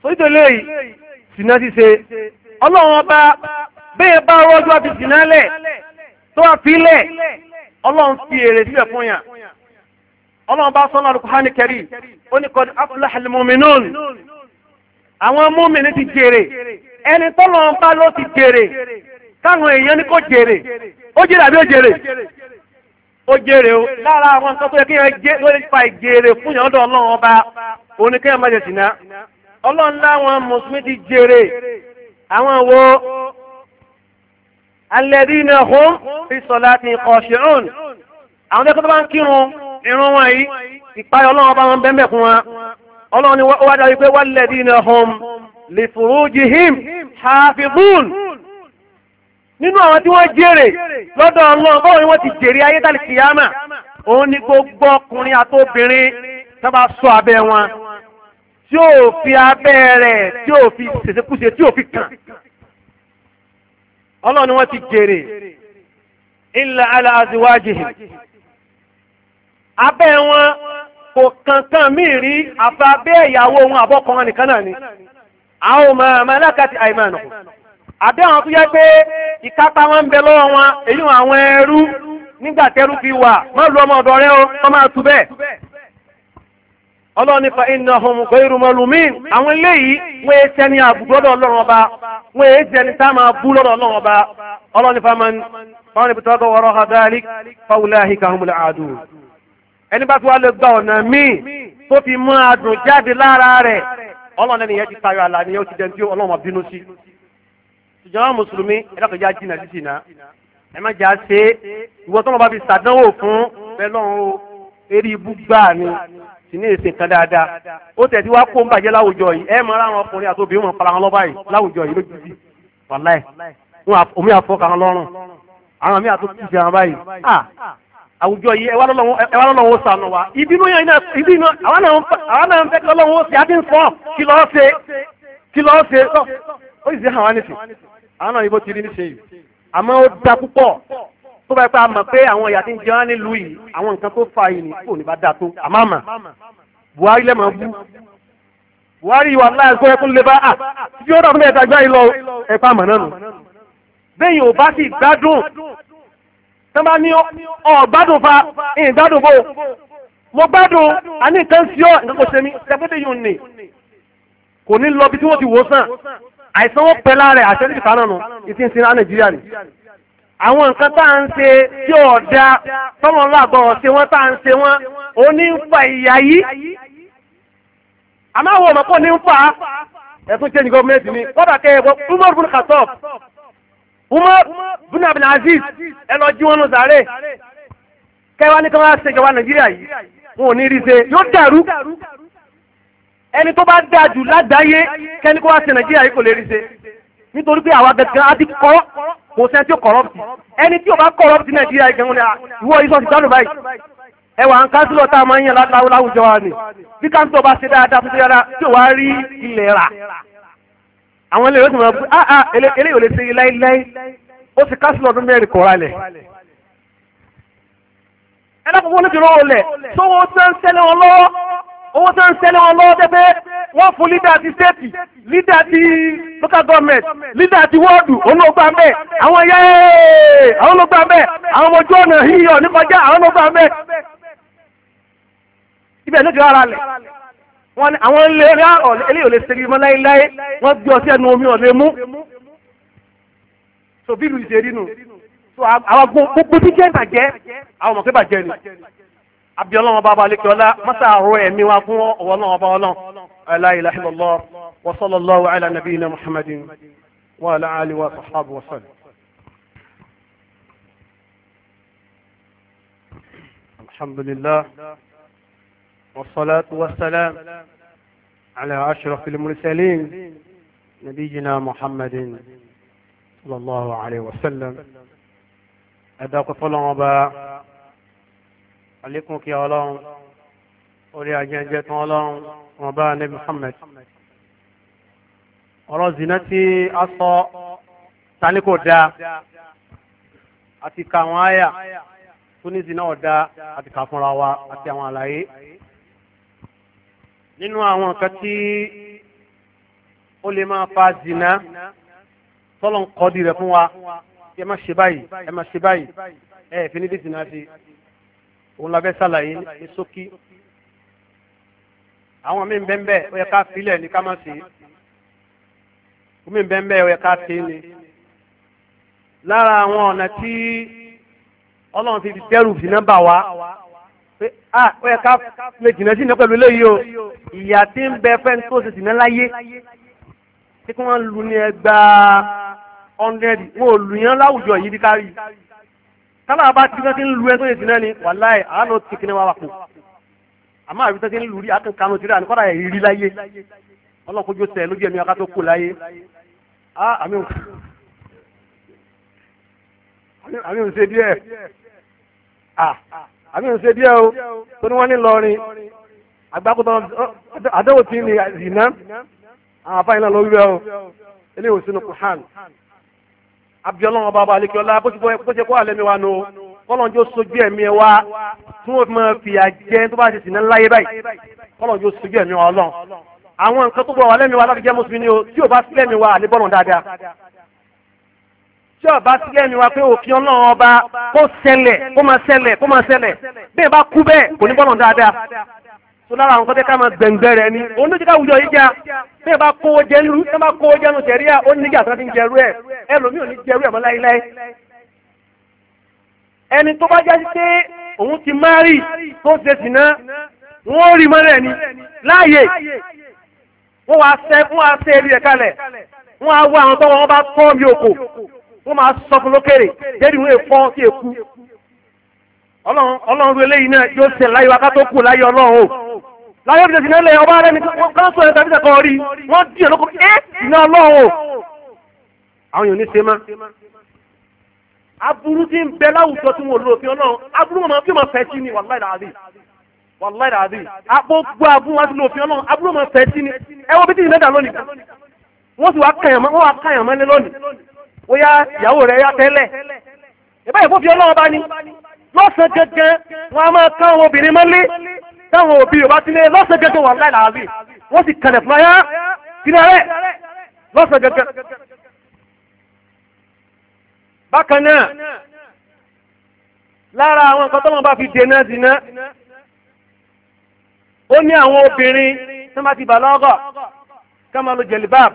sójú eléyìí ṣe ọba bá àti tó wà fílẹ̀ ọlọ́run fi èrè sílẹ̀ fún yàn ọlọ́run bá sọ́nà Al-Qur'ani Karim ó ní qad aflaha al-mu'minun múmi mùmínì ti jèrè ẹni bá ló ti jèrè káwọn èèyàn ní kò jèrè ó jèrè àbí ó jèrè ó o lára àwọn nǹkan tó yẹ kí yẹn ló lè fa ìjèrè fún yàn ọlọ́run ọba má jẹ ọlọ́run láwọn mùsùlùmí ti jèrè àwọn alẹ́dínà hum fi salati khashi'un àwọn tẹ́kọ́ tó bá ń kírun irun wọn yìí ìpayọ̀ ọlọ́run ọba wọn bẹ́ẹ̀ fún wa ọlọ́run ni ó wá dájú pé walladina hum li furujihim hafizun nínú àwọn tí wọ́n jèrè lọ́dọ̀ ọlọ́run bọ́wọ́ ni wọ́n ti jèrè ayé dálì kìyàmà òun ni gbogbo ọkùnrin àtobìnrin ni wọn ti jèrè illa ala azwajihim abẹ́ wọn kò kankan míì rí àfàbẹ́ ìyàwó wọn àbọ́kọ̀ọ́ nìkan náà ni àwọn ọmọ malakat aymanuhum àbẹ́ àwọn tó yẹ pé ìkápá wọn ń bẹ lọ́wọ́ wọn èyí àwọn ẹrú nígbà tẹ́rú fi wà má ọmọ ọ̀dọ̀ rẹ o máa tu ọlọ́run nípa iná ọmọ gbẹ́rù mọ́lùmín àwọn eléyìí wọ́n yé sẹ́ni àbùkù lọ́dọ̀ ọlọ́run ọba wọ́n yé sẹ́ni tá máa bú lọ́dọ̀ ọlọ́run ọba ọlọ́run nípa man fáwọn ibi tọ́gọ̀ wọ́rọ́ ha dáálí fáwọlẹ́ àhíkà ọmọlẹ́ àdù ẹni bá fi wá lè gba ọ̀nà míì tó fi mú adùn jáde lára rẹ̀ ọlọ́run ẹni yẹn ti sì ní èsì kan dáadáa ó tẹ̀sí wá kó ń bàjẹ́ láwùjọ yìí ẹ mọ àwọn ọkùnrin àti obìnrin wọn para wọn lọ́ba yìí láwùjọ yìí lójú sí wàláì omi àfọkà wọn lọ́rùn àwọn mi àtúntò ti àwọn báyìí àwùjọ yìí ẹ wá lọ́lọ́wọ́ sànù wa ìbínú yẹn iná ìbínú àwọn náà ń fẹ́ lọ́lọ́wọ́ sí àti ń fọ́ kí lọ́ọ́ ṣe kí lọ́ọ́ ṣe ó sì ṣe àwọn àníṣe àwọn náà ibo ti rí níṣe yìí àmọ́ ó da púpọ̀ tó bá pẹ́ a mọ̀ pé àwọn ìyá tí ń jẹ wá nílùú yìí àwọn nǹkan tó fa yìí ní kò ní bá dáa tó àmàmà Buhari lẹ́mọ̀ bú Buhari wà láì sọ ẹkún lè bá à tí ó dàbí ẹ̀ta gbá ìlọ ẹ̀pá mọ̀ náà nù. bẹ́yìn ò bá sì gbádùn tó bá ní ọ gbádùn fa ìyìn gbádùn bò mo gbádùn a ní nǹkan sí ọ nǹkan kò ṣe mí tẹpẹ́tẹ́ yìí nì kò ní lọ bí tí wọ́n ti wò sàn àìsàn wọn pẹ́ lára ẹ̀ àṣẹ àwọn nǹkan tá à ń ṣe tí ọ̀dà tọ́lọ́ làgbọ̀rọ̀ ṣe wọ́n tá à ń ṣe wọ́n ó ní ń fa ìyá yìí àmọ́ àwọn ọmọ ní ń fa ẹ̀tún change government ni kọ́dà kẹ́yẹ̀kọ́ Umar bin Khattab Umar bin Abdul Aziz ẹ lọ jí wọn nù sáré kẹwàá ní kí wọ́n á ṣe ìjọba Nàìjíríà yìí wọn ò ní rí ṣe yóò dàrú ẹni tó bá dáa jù ládàáyé kẹ́ni kó wá ṣe Nàìjíríà yìí kò lè rí ṣe. nítorí pé awa gẹ́gẹ́ á ti kọ́ kò sẹ́ni tí ó kọ̀rọ́pì ẹni tí ó bá kọ̀rọ́pì nàìjíríà ìgbẹ̀rún ni ìwọ ìsọ̀ ti báyìí ẹwà ń káńsílọ̀ tá a máa ń yàn láti láwùjọ wa ni bí bá ṣe dáadáa fún dáadáa tí ò wá rí ilẹ̀ rà àwọn ilé ìwé ah, ah, eléyìí ò lè owó tó ń tẹ́lẹ̀ wọn lọ́wọ́ tẹ́fẹ́ wọ́n fún lídà ti stéètì lídà ti local government lídà ti wọ́ọ̀dù olóògbà ń bẹ̀ àwọn yẹ́ẹ̀ àwọn olóògbà ń bẹ̀ àwọn ọmọ ojú ọ̀nà yíyọ nípajá àwọn olóògbà ń bẹ̀ ibẹ̀ ló ti rárá lẹ̀ wọ́n ní àwọn ilé rá eléyìí ò lè ṣe mọ́ láéláé wọ́n gbé ọtí ẹnu omi ọ̀lẹ́ mú so bí ìlú ìṣeré so àwọn gbogbo tí jẹ́ ìbàjẹ́ àwọn ọmọ àbí ọlọ́wọ́n bá balẹ̀ kí ọlá mọ́tà àrò ẹ̀mí wa fún ọwọ́ náà bá ọlọ́ la ilaha illallah wa sallallahu ala nabiyina muhammadin wa ala alihi wa sahbihi wa sallam. الحمد لله والصلاة والسلام على أشرف المرسلين نبينا محمد صلى الله عليه وسلم أداك طلبا àlékún kí ọlọ́run orí ajẹ́jẹ́ tán ọlọ́run wọn bá ní Muhammad ọ̀rọ̀ zina tí a sọ tani kò dáa àti ka àwọn àyà tó ní zina ọ̀dá àti kà fúnra wa àti àwọn àlàyé nínú àwọn nǹkan tí ó lè máa fa zina tọ́lọ̀ ń kọ́ di rẹ̀ fún wa ẹ má ṣe báyìí ẹ má ṣe báyìí ẹ fi ní bí zina ṣe òun la fẹ́ ṣàlàyé ní ṣókí àwọn míì bẹ́ẹ̀ bẹ́ẹ̀ ó yẹ ká filẹ̀ ní ká má sí míì bẹ́ẹ̀ bẹ́ẹ̀ ó yẹ ká sí ni lára àwọn ọ̀nà tí ọlọ́run fi dẹ́rù fìnà bà wá pé ó yẹ ká lè jìnnà sí iná pẹ̀lú eléyìí o ìyà tí ń bẹ fẹ́ tó ṣe jìnnà láyé kí wọ́n lu ní ẹgbàá ọ̀ndẹ̀dì wọn ò lu yẹn láwùjọ yìí rí kárí tábà bá ti fẹ́ ti ń lu ẹ tó yẹ sí náà ni wàláì àánú ti kíni wá wà pò àmọ́ àbí tẹ́tí ń lu rí akẹ́kọ̀ọ́ àti rẹ̀ àníkọ́dà yẹ rí láyé ọlọ́kójú sẹ̀ lójú ẹ̀mí akátó kù láyé àmì ò ń ṣe díẹ̀ àmì ò ń ṣe díẹ̀ o tó ní wọ́n ní lọrin àgbákòtò àdéhùn tí ní ìná àwọn afáyín náà ló wí bẹ́ẹ̀ o eléyìí ò sínú kùhán abiyọlọ́wọ́n bàbá alekiola bó ṣe kó àlẹ́ mi wa nù kọ́lọ́njó sojú ẹ̀mí ẹ wa tí wọ́n fi máa fìyà jẹ tó bá ṣe sì ní láyé báyìí kọ́lọ́njó sojú ẹ̀mí wa ọlọ́run àwọn nǹkan tó bọ̀ wà lẹ́mi wa láti jẹ́ mùsùlùmí ni o tí ò bá sílẹ̀ mi wa àlébọ̀rùn dáadáa tí ò bá sílẹ̀ mi wa pé òfin ọlọ́run ọba kó ṣẹlẹ̀ kó máa ṣẹlẹ̀ kó máa ṣẹlẹ̀ bẹ́ẹ̀ bá kú bẹ́ẹ̀ kò ní bọ̀rùn dáadáa tó lára àwọn kọ́tẹ́ máa gbẹ̀ngbẹ̀ rẹ̀ ni ó ní jẹ́ káwùjọ yìí já bí ẹ bá kówó jẹ nínú ẹ bá kówó jẹ ó ń jẹrú ẹ ò ní ti tó ṣe sì ná rí ni láàyè wọ́n wá wá àwọn wọn bá mi òkò máa sọ fún lókèrè wọn sí èkú náà yóò láyé bí jẹ́sìn lẹ́lẹ̀ ọba rẹ̀ ní káńsọ̀ ẹ̀ tàbí ìṣẹ̀kọ̀ rí wọ́n dì ẹ̀ lóko ẹ́ iná ọlọ́wọ́ àwọn yòó ní ṣe má. aburú ti ń bẹ láwùjọ tí wọn lò fi ma aburú mọ̀ fi mọ̀ fẹ́ sí ni wàláì dàbí wàláì dàbí àpò gbọ́ aburú wọn ti lò fi ọlọ́run aburú mọ̀ fẹ́ sí ni ẹ bí tí lónìí wọ́n sì wá kàyàn lónìí yá ìyàwó rẹ̀ táwọn òbí yorùbá ti lé lọ́sẹ̀ gẹ́gẹ́ wà láì láàbí wọ́n sì kalẹ̀ fún ayá sílẹ̀ rẹ̀ lọ́sẹ̀ gẹ́gẹ́. bákan náà lára àwọn nǹkan tó wọn bá fi dènà dènà ó ní àwọn obìnrin tó máa ti bàlọ́gọ̀ ká máa lo jẹ̀lìbáàb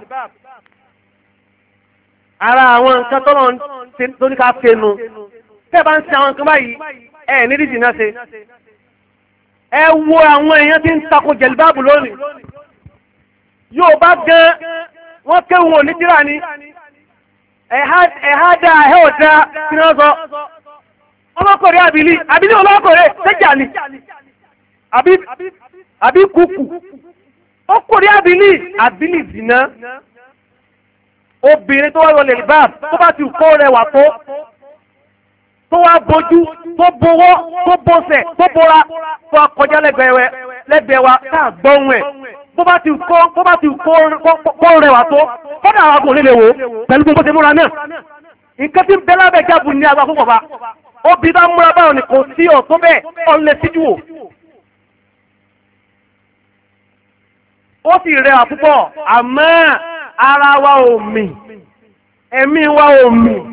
ara àwọn nǹkan tó lọ́n tó ní ká fẹnu tẹ́ bá ń ṣe àwọn nǹkan báyìí ẹ̀ ní dídì náà ẹ wo àwọn èèyàn tí ń takò jẹ̀lìbáàbù lónìí yóò bá gan wọ́n kéwọn onídìrà ni ẹ̀há dáa ẹ̀hẹ́ ọ̀dá kí wọ́n sọ ọlọ́kọ̀ọ́rẹ́ àbílí àbílí ọlọ́kọ̀ọ́rẹ́ sẹ́jà ni àbí kùkù ọkùnrin àbílí àbílí zìnà obìnrin tó wá lọ lè bá tó bá ti kó rẹwà tó tó wá bojú tó bowó tó bọ́sẹ̀ tó bora tó wá kọjá lẹ́gbẹ̀ẹ́ wa tá a gbọ́n ẹ̀ bó bá ti kó rẹwà tó kọ́dà àwọn akùnrin lè wò pẹ̀lú gbogbo ti múra náà nǹkan tí ń bẹ lábẹ́ jábù ní àwọn akókò bá obì bá múra báwọn ni kò sí ọ̀tún bẹ́ẹ̀ ọ̀lẹ́ síjú wò. ó sì rẹwà púpọ̀ àmọ́ ara wa ò mì ẹ̀mí wa ò mì.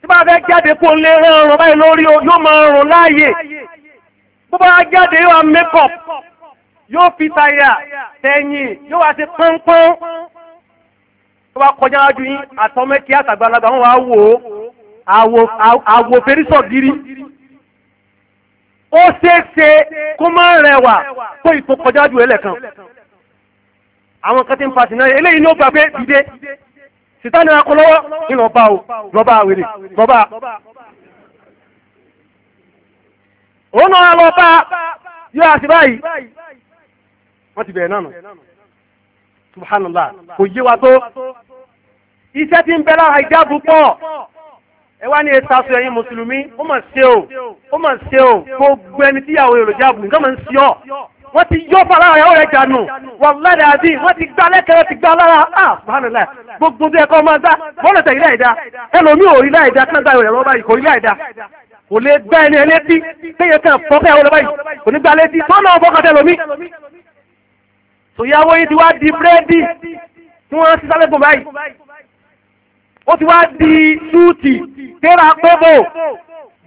tí bá fẹ́ jáde kó lé ẹran báyìí lórí yóò máa rùn láàyè bó bá jáde yóò wá makeup yóò fi tàyà tẹ̀yìn yóò wá ṣe pọ́npọ́n tó bá kọjá wájú yín àtọ́mẹ́kí àtàgbàlagbà wọn wá wò ó àwò fèrèsọ̀ gírí ó ṣeéṣe kó má rẹwà tó ìtò kọjá ẹlẹ́kan àwọn kan ń fa sínú eléyìí ní ó gbà dìde sitani ẹ̀kọ́ lọ́wọ́ ní lọ́ba o lọ́ba àwèrè lọ́ba. òun náà lọ bá yóò àti báyìí wọ́n ti bẹ̀rẹ̀ náà nù subhanallah kò yé wa tó iṣẹ́ ti ń bẹ lára ìjáàbù pọ̀ ẹ wá ní ẹta sọ ẹ̀yin mùsùlùmí ó mà ṣe o ó mà ṣe o gbogbo ẹni tíyàwó èròjà àbùnú nǹkan mà ń ṣe ọ wọ́n ti yọ́ fún alára ìyàwó rẹ̀ jànù wọ́n lára àbí wọ́n ti gbá lẹ́kẹ̀rẹ́ ti gbá lára àbánilẹ̀ ah, gbogbo bí ẹ̀kọ́ máa dá wọ́n lè tẹ̀lé àìdá ẹlòmí ò rí láìdá kí náà ìrọ̀rọ̀ báyìí kò rí láìdá kò lè gbá ẹni ẹlẹ́tí péye kan fọ́kẹ́ ẹ̀wọ̀n báyìí kò ní gbá létí tọ́nà ọ̀fọ́kàn tẹ̀lómi. tòyàwó yìí ti wá di búrẹ́dì tí wọ́n ti sálẹ̀ gùn báyìí ó ti wá di súùtì tẹ́ra pẹ́bò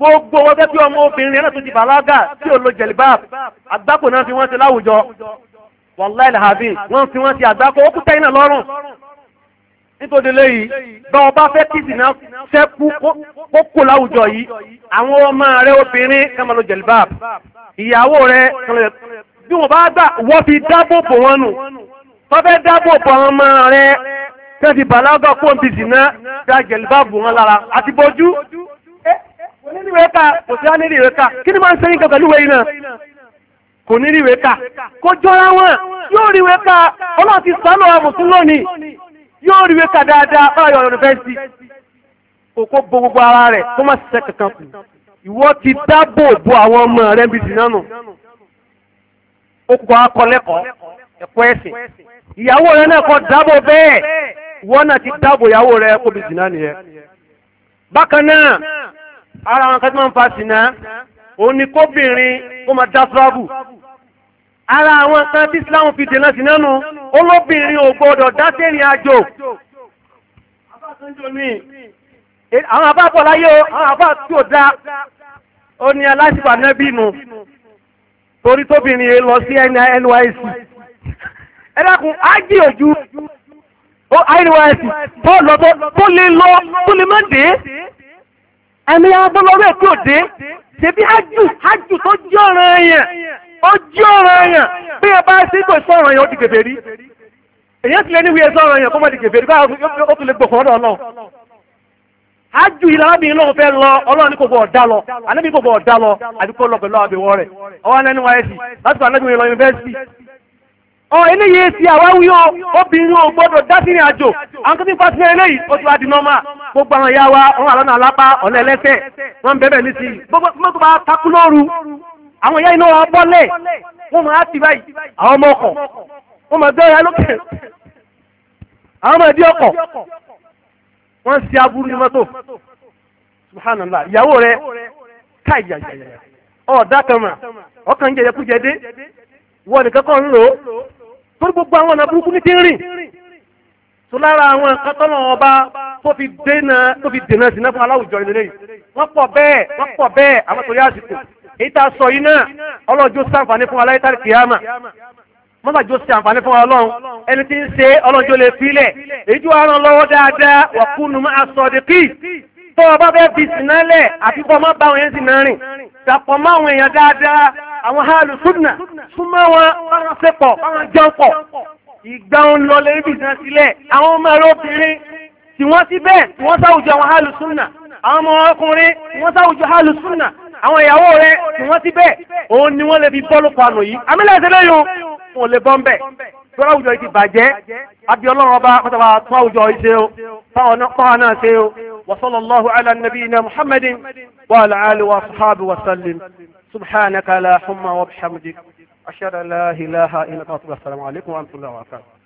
gbogbo wọn tẹ́ tí ọmọ obìnrin náà tó ti bàlágà tí ò lo jẹ̀lìbáàbù àgbákò náà fi wọ́n ti láwùjọ wàláì làbí wọ́n fi wọ́n ti àgbákò ó kú tẹ́yìn náà lọ́rùn nítorí léyìí bá ọba fẹ́ kí ìsìn náà ṣẹ́kù kókò láwùjọ yìí àwọn ọmọ rẹ obìnrin kan máa lo jẹ̀lìbáàbù ìyàwó rẹ bí wọ́n bá gbà wọ́n fi dáàbò bò wọn nù wọ́n fẹ́ dáàbò bò àwọn ọmọ rẹ tẹ́ ti bàlágà kó onídìíwé ká kò sí anídìíwé ká kí ni máa ń ṣe nǹkan pẹ̀lú ìwé yìí náà kò ní ríwé ká kó jọra wọn yóò ríwé ká ọlọ́run ti sànù àwọn mùsùlùmí lónìí yóò ríwé ká dáadáa báyọ̀ ọ̀rọ̀ yunifásitì kò kó bo gbogbo ara rẹ̀ kó má ṣiṣẹ́ kankan kù ìwọ ti dáàbò bo àwọn ọmọ rẹ̀ bí ti nánu ó kọ́ ẹ̀kọ́ ẹ̀sìn ìyàwó rẹ̀ náà kọ́ dáàbò bẹ́ẹ̀ ìwọ náà ti dáàbò ìyàwó rẹ̀ kó bí ti nánu yẹn bákan náà ara àwọn kan tí wọ́n ń fa sìnà òun ni kóbìnrin kó máa dá tíráàbù ara àwọn kan tí Islam fi dènà sìnà nù olóbìnrin ò gbọdọ̀ dá sẹ́rìn àjò àwọn àbábọ̀ láyé o àwọn àbá tí ò dá ó ní aláṣìbà nẹ́bí nù torí tóbìnrin lọ sí NYSC ẹ dákun ájì òjú NYSC tó lè lọ tó lè má dé ẹ̀mí abọ́lọ́wọ́ èkó òde ṣebí ájù ájù tó jẹ́ ọ̀ràn èèyàn ó jẹ́ ọ̀ràn èèyàn bí ẹ bá ṣe kò sọ ọ̀ràn èèyàn ó di kèfè rí èèyàn ti lè ní wíyẹn sọ ọ̀ràn èèyàn kó má di kèfè rí báyà ó tún lè gbòkàn ọ̀dọ̀ ọlọ́run ájù ilẹ̀ arábìnrin lọ́wọ́ fẹ́ lọ ọlọ́run ní kò bọ̀ ọ̀dá lọ ànábì kò bọ̀ ọ̀dá lọ àbí kó lọ pẹ̀lú àbẹ̀wọ̀ rẹ̀ ọwọ́ anẹ́nu wáyé sí láti ọ eléyìí èsì àwáwí awa obìnrin ò gbọ́dọ̀ dásìrìn àjò àwọn tó ti fa sílẹ̀ eléyìí ó ti wá di nọ́mà gbogbo àwọn ìyá wa wọn wà alápá ọ̀nà ẹlẹ́sẹ̀ wọn bẹ̀rẹ̀ ní sí gbogbo tó bá àwọn ìyá iná wa bọ́lẹ̀ wọn máa ti báyìí àwọn ọmọ ọkọ̀ wọn máa bẹ́ẹ̀ lókè àwọn ọmọ ọkọ̀ wọn ṣe aburú ní mọ́tò subhanallah ìyàwó torí gbogbo àwọn ọ̀nà burúkú ní rìn tó lára àwọn nǹkan tọ́nà ọba tó fi dènà sínú fún aláwùjọ ìlérè wọ́n pọ̀ bẹ́ẹ̀ wọ́n pọ̀ bẹ́ẹ̀ àwọn torí àsìkò èyí tá a sọ yìí náà ọlọ́jọ́ sàǹfààní fún aláìtàrí fún ọlọ́run ẹni àwọn hálù súnà súnmọ́ wọn ọ̀rọ̀ sẹ́pọ̀ ọ̀rọ̀ jọpọ̀ ìgbà ń lọ lè ibi ìsìn sílẹ̀ àwọn ọmọ ẹ̀rọ obìnrin tí wọ́n sí bẹ́ẹ̀ tí wọ́n sáwùjọ àwọn hálù súnà àwọn ọmọ ọkùnrin tí wọ́n sáwùjọ hálù súnà àwọn ìyàwó rẹ̀ tí wọ́n sí bẹ́ẹ̀ òun ni wọ́n lè fi bọ́ọ̀lù pàánù yìí àmìlẹ̀ ìṣẹ̀lẹ̀ yòó wọn lè bọ́ ń tọ́lá àwùjọ yìí ti bàjẹ́ àbí ọlọ́run ọba pátápá tún àwùjọ yìí ṣe o fáwọn náà náà ṣe o wa sallallahu ala nabiyina muhammadin wa ala wa sahabi wa sallim. سبحانك لا حمى وبحمدك أشهد أن لا إله إلا أنت السلام عليكم ورحمة الله وبركاته